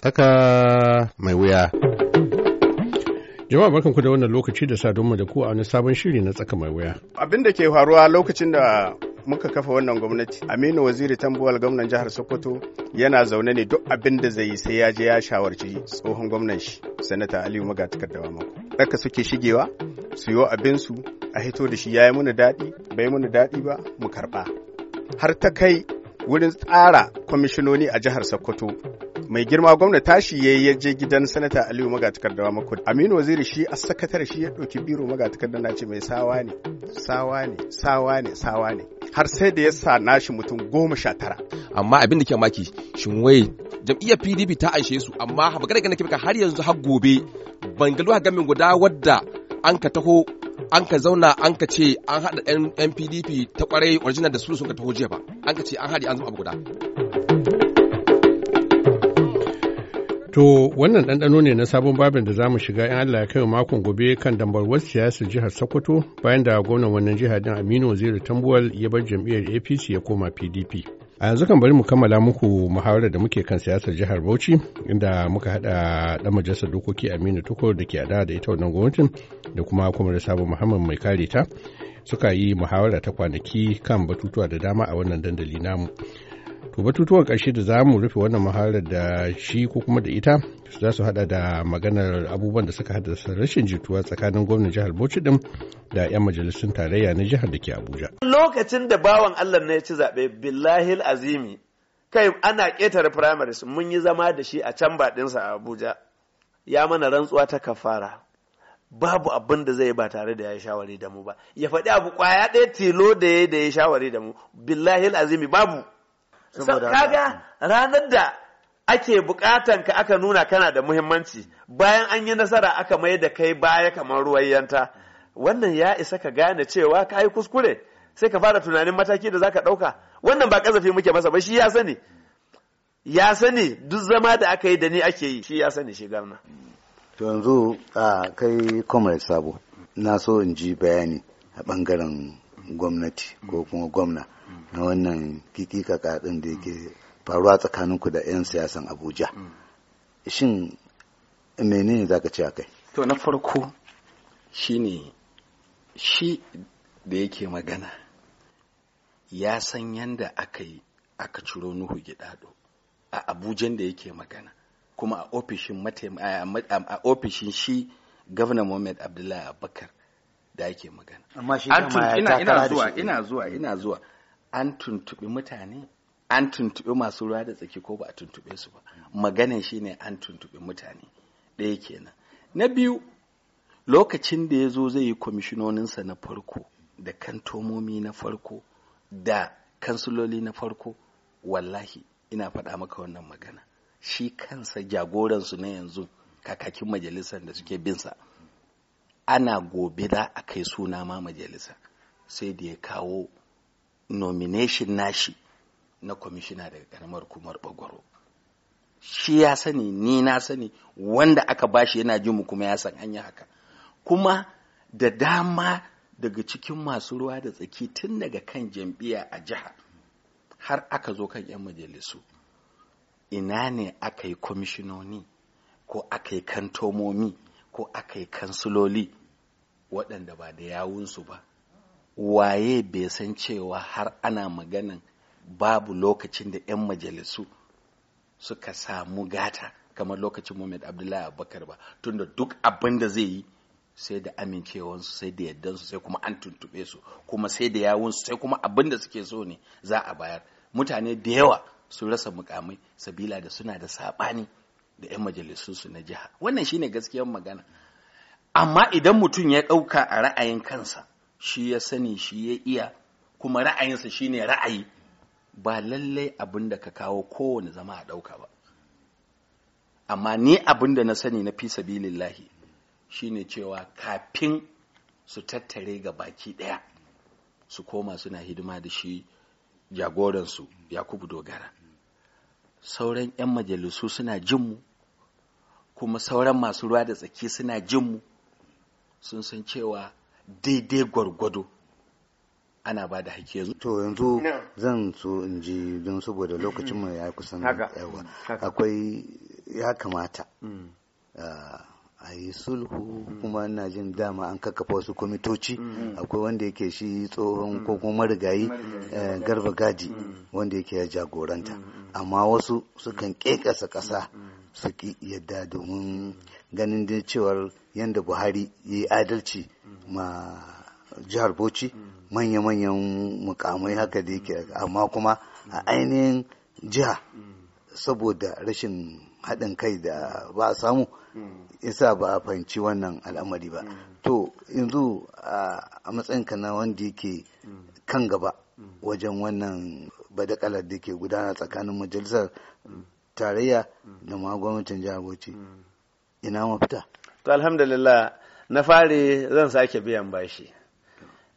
tsaka mai wuya. Jama'a barkanku da wannan lokaci da sadonmu da ku a wani sabon shiri na tsaka mai wuya. Abin da ke faruwa lokacin da muka kafa wannan gwamnati aminu waziri tambuwal gwamnan jihar sokoto yana zaune ne duk abin da zai yi sai ya je ya shawarci tsohon gwamnan shi sanata aliyu maga takardawa mako haka suke shigewa su yi abinsu a hito da shi ya yi muna daɗi bai muna daɗi ba mu karɓa har ta kai wurin tsara kwamishinoni a jihar sokoto mai girma gwamna tashi ya yi je gidan sanata aliyu da mako aminu waziri shi a sakatare shi ya ɗauki biro da na ce mai sawa ne sawa ne sawa ne sawa ne har sai da ya sa nashi mutum goma sha tara amma abin da ke maki shin wai jam'iyyar pdp ta aishe su amma magana gane kifika har yanzu har gobe bangalo ga gamin guda wadda an ka taho an ka zauna an ka ce an haɗa yan pdp ta kwarai original da su sun ka taho jiya ba an ka ce an haɗi an zama abu guda To wannan ɗanɗano ne na sabon babin da za mu shiga in Allah ya kai makon gobe kan dambarwar siyasar jihar Sokoto bayan da gwamnan wannan jiha din Aminu Waziri Tambuwal ya bar jam'iyyar APC ya koma PDP. A yanzu kan bari mu kammala muku muhawarar da muke kan siyasar jihar Bauchi inda muka haɗa ɗan majalisar dokoki Aminu Tukur da ke ada da ita wannan gwamnatin da kuma kuma da sabon Muhammad mai kare ta suka yi muhawara ta kwanaki kan batutuwa da dama a wannan dandali namu. To batutuwan ƙarshe da za mu rufe wannan muhalar da shi ko kuma da ita za su hada da maganar abubuwan da suka haddasa rashin jituwa tsakanin gwamnan jihar Bauchi din da 'yan majalisun tarayya na jihar da ke Abuja. Lokacin da bawan Allah na ya ci zaɓe billahil azimi kai ana ƙetare primaries mun yi zama da shi a can baɗinsa a Abuja ya mana rantsuwa ta kafara. babu abin da zai ba tare da ya yi shawari da mu ba ya faɗi abu kwaya ɗaya tilo da ya yi shawari da mu billahil azimi babu saboda kaga ranar da ake bukatan ka aka nuna kana da muhimmanci bayan an yi nasara aka mai da kai baya kamar ruwayyanta wannan ya isa ka gane cewa ka yi kuskure sai ka fara tunanin mataki da za ka dauka wannan ba kazafi muke masa ba shi ya sani ya sani duk zama da aka yi da ni ake yi shi ya sani shi garna to yanzu a kai komai sabo na so in ji bayani a bangaren gwamnati ko kuma gwamna na wannan kikika din da yake faruwa tsakaninku da 'yan siyasan abuja shin menene za ka ce a kai to na farko shine shi da yake magana ya san yadda aka yi aka ciro nuhu gidado a abujan da yake magana kuma a ofishin a ofishin shi gwamna mohamed Abdullahi Abubakar da yake magana. Amma shi ina zuwa ina zuwa ina zuwa an tuntuɓi mutane an tuntuɓi masu ruwa da tsaki ko ba a tuntuɓe su ba shi ne an tuntuɓi mutane ɗaya kenan na biyu lokacin da ya zo zai yi kwamishinoninsa na farko da kantomomi na farko da kansuloli na farko wallahi ina faɗa maka wannan magana shi kansa jagoransu na yanzu kakakin majalisar da suke binsa ana gobe za a kai suna ma majalisa sai da ya kawo nomination nashi na kwamishina daga karamar kumar bagwaro shi ya sani ni na sani wanda aka bashi yana ji mu kuma ya san an yi haka kuma da dama daga cikin masu ruwa da tsaki tun daga kan jam'iyya a jiha har aka zo kan 'yan majalisu ina ne aka yi kwamishinoni ko aka yi kantomomi ko aka yi kansuloli waɗanda ba da yawunsu ba waye bai san cewa har ana maganan babu lokacin da 'yan majalisu suka samu gata kamar lokacin Muhammad Abdullahi Abubakar ba tunda duk abin da zai yi sai da amincewansu sai da yardansu sai kuma an tuntube su kuma sai da yawunsu sai kuma abin da suke so ne za a bayar mutane da yawa su rasa mukamai sabila da suna da saɓani da 'yan majalisunsu na jiha wannan shine gaskiyar magana amma idan mutum ya ɗauka a ra'ayin kansa shi ya sani shi ya iya kuma ra'ayinsa shine ra'ayi ba lallai abin da ka kawo kowane zama a ɗauka ba amma ni abin da na sani na fi sabilillahi shine cewa kafin su tattare ga baki ɗaya su koma suna hidima da shi jagoransu yakubu dogara sauran 'yan majalisu suna jinmu kuma sauran masu ruwa da tsaki suna jinmu sun san cewa daidai gwargwado ana ba da haƙƙi yanzu. To yanzu zan so in ji don saboda lokacin mu ya kusan yawa. Akwai ya kamata mm. a yi sulhu kuma ina jin dama an kakkafa wasu kwamitoci mm. akwai wanda yake shi tsohon mm. ko kuma marigayi eh, garba gadi wanda yake ya jagoranta amma wasu sukan kekasa ƙasa su ki yadda domin ganin dai cewar yadda buhari ya yi adalci ma jihar bauchi manya-manyan mukamai haka da yake amma kuma a ainihin jiha saboda rashin haɗin kai da ba a samu isa ba a fahimci wannan al'amari ba to yanzu a matsayinka na wanda yake kan gaba wajen wannan badakalar da ke gudana tsakanin majalisar tarayya da ma gwamnatin jihar bauchi ina mafita to alhamdulillah na fari zan sake biyan bashi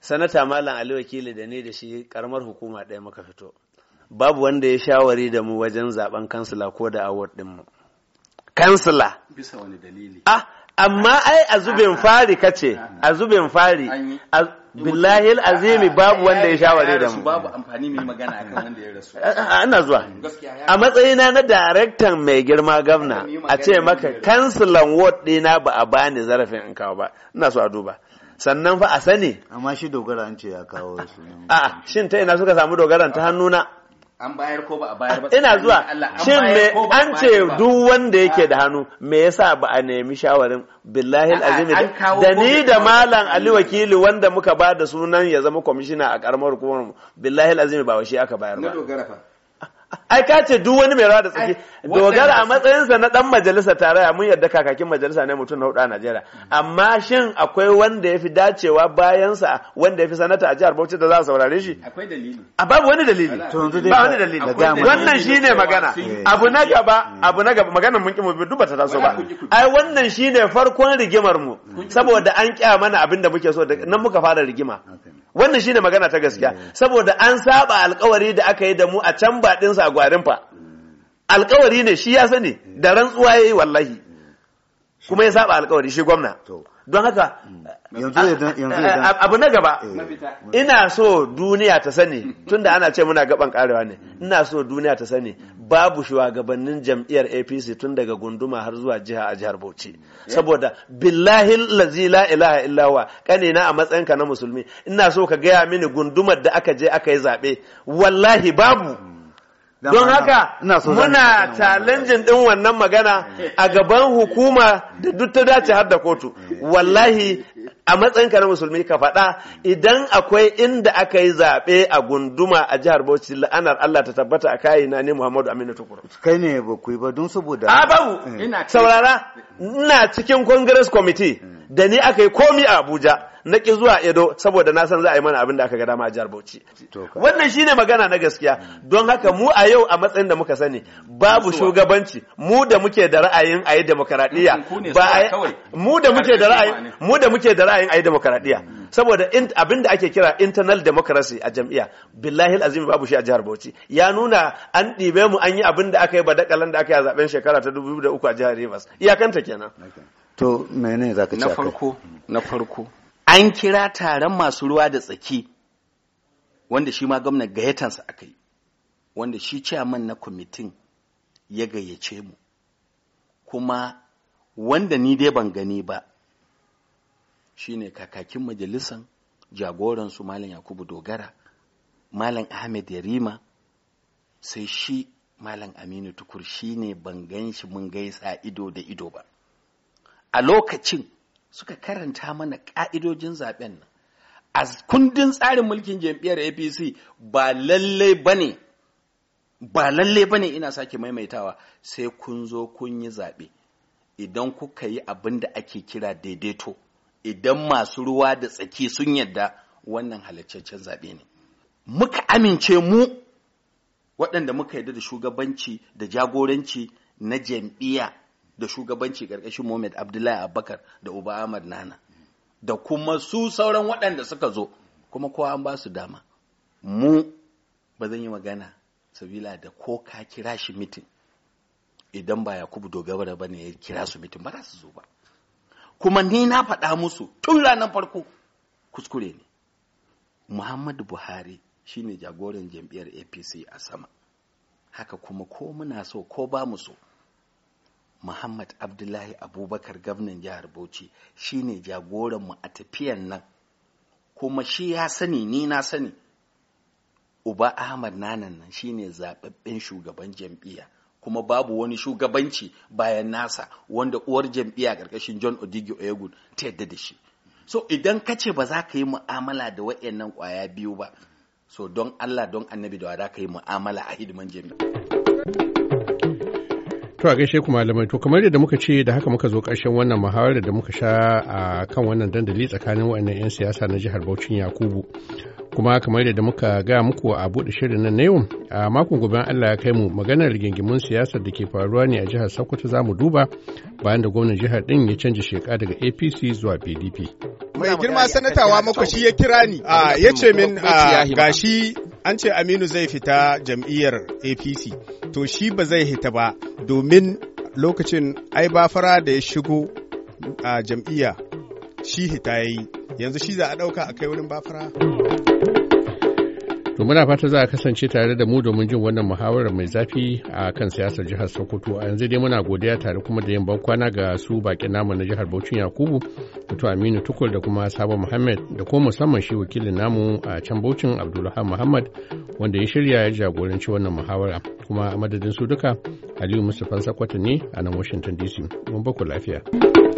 sanata malam ali wakili da ni da shi karamar hukuma ɗaya muka fito babu wanda ya shawari da mu wajen zaben kansila ko da award din mu kansila bisa wani dalili ah amma ai a zubin fari kace a zubin fari billahi azimi babu wanda ya shaware da mu babu amfani mai magana akan wanda ya rasu ina zuwa a matsayina na daraktan mai girma gwamna a ce maka kansilan ward dina ba a bani zarafin in kawo ba ina so a duba sannan fa a sani amma shi dogara an ce ya kawo su a shin ta ina suka samu dogaran ta hannuna an bayar ko ba a bayar ba ina zuwa shin me an ce duk wanda yake da ah. hannu me yasa ba a nemi shawarin billahi azim da ni da malam ali wakili wanda muka ba da sunan ya zama kwamishina a karamar hukumar billahi azim ba wa shi aka bayar ba ai ka ce duk wani mai rawa da tsaki dogara a matsayinsa na dan majalisa tarayya mun yarda kakakin majalisa ne mutum na hudu a Najeriya amma shin akwai wanda ya fi dacewa bayansa wanda ya fi sanata a jihar Bauchi da za a saurare shi akwai dalili a babu wani dalili ba wani dalili wannan shine magana abu na gaba mm. abu na gaba magana mun kimu duk bata taso ba ai wannan shine farkon rigimar mu saboda an kya mana abin da muke so nan muka fara rigima wannan shi ne magana ta gaskiya mm. saboda an saba alkawari da aka yi da mu a can baɗin sa gwarin fa mm. alkawari ne shi ya sani da rantsuwa yayi wallahi mm. kuma ya saba alkawari shi gwamna don haka mm. abu na gaba eh. ina so duniya ta sani tunda ana ce muna gaban karewa ne ina so duniya ta sani babu shugabannin jam'iyyar apc tun daga gunduma har zuwa jiha a jihar bauchi saboda billahi lazi la ilaha illawa kanina a matsayinka na musulmi ina so ka gaya mini gundumar da aka je aka yi zaɓe wallahi babu don haka muna challenge din wannan magana eh. a gaban hukuma da duk ta dace har da kotu eh. wallahi a matsayin na musulmi ka faɗa idan akwai inda aka yi zaɓe a gunduma a jihar Bauchi la'anar Allah ta tabbata a kayi na ne Muhammadu Aminu Tukuru. Kai ne ba ku ba don saboda. A babu eh. saurara ina cikin Congress Committee da ni aka yi komi a Abuja. na ki zuwa Edo saboda na san za a yi mana abin da aka ga dama a jihar Bauchi wannan shine magana na gaskiya mm. don haka mu a yau a matsayin da muka sani babu shugabanci mu da muke da ra'ayin a demokradiya ba mu da muke da ra'ayin mu da muke da ra'ayin yi demokradiya mm. saboda abin da ake kira internal democracy a jam'iyya billahi azimi babu shi a jihar Bauchi ya nuna an ɗibe mu an yi abin da aka yi badakalan da aka yi a zaben shekara ta 2003 a jihar Rivers iyakanta kenan to menene zaka ce na farko na farko an kira taron masu ruwa da tsaki wanda shi ma gwamnan gayyatansa aka yi wanda shi ciyaman na kwamitin ya gayyace mu kuma wanda ni dai ban gani ba shine kakakin majalisan jagoransu malam yakubu dogara malam ahmed yarima sai shi malam aminu tukur shine ban gan shi mun gaisa ido da ido ba a lokacin suka karanta mana ka'idojin zaben nan a kundin tsarin mulkin jam'iyyar apc ba lallai bane ba lallai bane ina sake maimaitawa sai kun zo kun yi zaɓe idan kuka yi abin da ake kira daidaito idan masu ruwa da tsaki sun yadda wannan halaccen zaɓe ne muka amince mu waɗanda muka yarda da shugabanci da jagoranci na jam'iyya da shugabanci ƙarƙashin Mohamed Abdullahi Abubakar da Uba Ahmad Nana da kuma su sauran waɗanda suka zo kuma kowa an ba su dama mu ba zan yi magana sabila da ko ka kira shi mitin idan ba Yakubu Dogara ba ne ya kira su mitin ba za su zo ba kuma ni na faɗa musu tun ranar farko kuskure ne Muhammadu Buhari shine jagoran jam'iyyar APC a sama haka kuma ko muna so ko ba mu so muhammad abdullahi abubakar gwamnan jihar bauchi shine jagoranmu a tafiyan nan kuma shi ya sani ni na sani uba ahmad nanan nan shine zaɓaɓɓen shugaban jam'iyya kuma babu wani shugabanci bayan nasa wanda uwar jam'iyya ƙarƙashin john odigi oyegun ta yadda da shi so idan ka ce ba za ka yi mu'amala da wa'annan ƙwaya biyu ba so don allah don annabi da wa ka yi mu'amala a hidiman jam'iyya To a gaishe ku malamai to kamar yadda muka ce da haka muka zo ƙarshen wannan muhawarar da muka sha a kan wannan dandali tsakanin waɗannan 'yan siyasa na jihar Bauchin Yakubu. Kuma kamar yadda muka ga muku a buɗe shirin nan na yau a makon gobe Allah ya kai mu maganar rigingimun siyasar da ke faruwa ne a jihar Sokoto za mu duba bayan da gwamnan jihar ɗin ya canja sheka daga APC zuwa PDP. Mai girma sanatawa shi ya kira ni ya ce min gashi an ce Aminu zai fita jam'iyyar APC. to shi ba zai hita ba domin lokacin ai ba fara da ya shigo a jam'iyya shi hita ya yi yanzu shi za a ɗauka a kai wurin ba fara. To muna fata za a kasance tare da mu domin jin wannan muhawara mai zafi a kan siyasar jihar Sokoto. A yanzu dai muna godiya tare kuma da yin bankwana ga su bakin namu na jihar Bauchin Yakubu, Mutu Aminu Tukur da kuma sabon Muhammad da kuma musamman shi wakilin namu a can Bauchin Abdulrahman Muhammad wanda ya shirya ya jagoranci wannan muhawara. Kuma a madadin su duka Aliyu Mustapha Sakwata ne a nan Washington DC. Mun baku lafiya.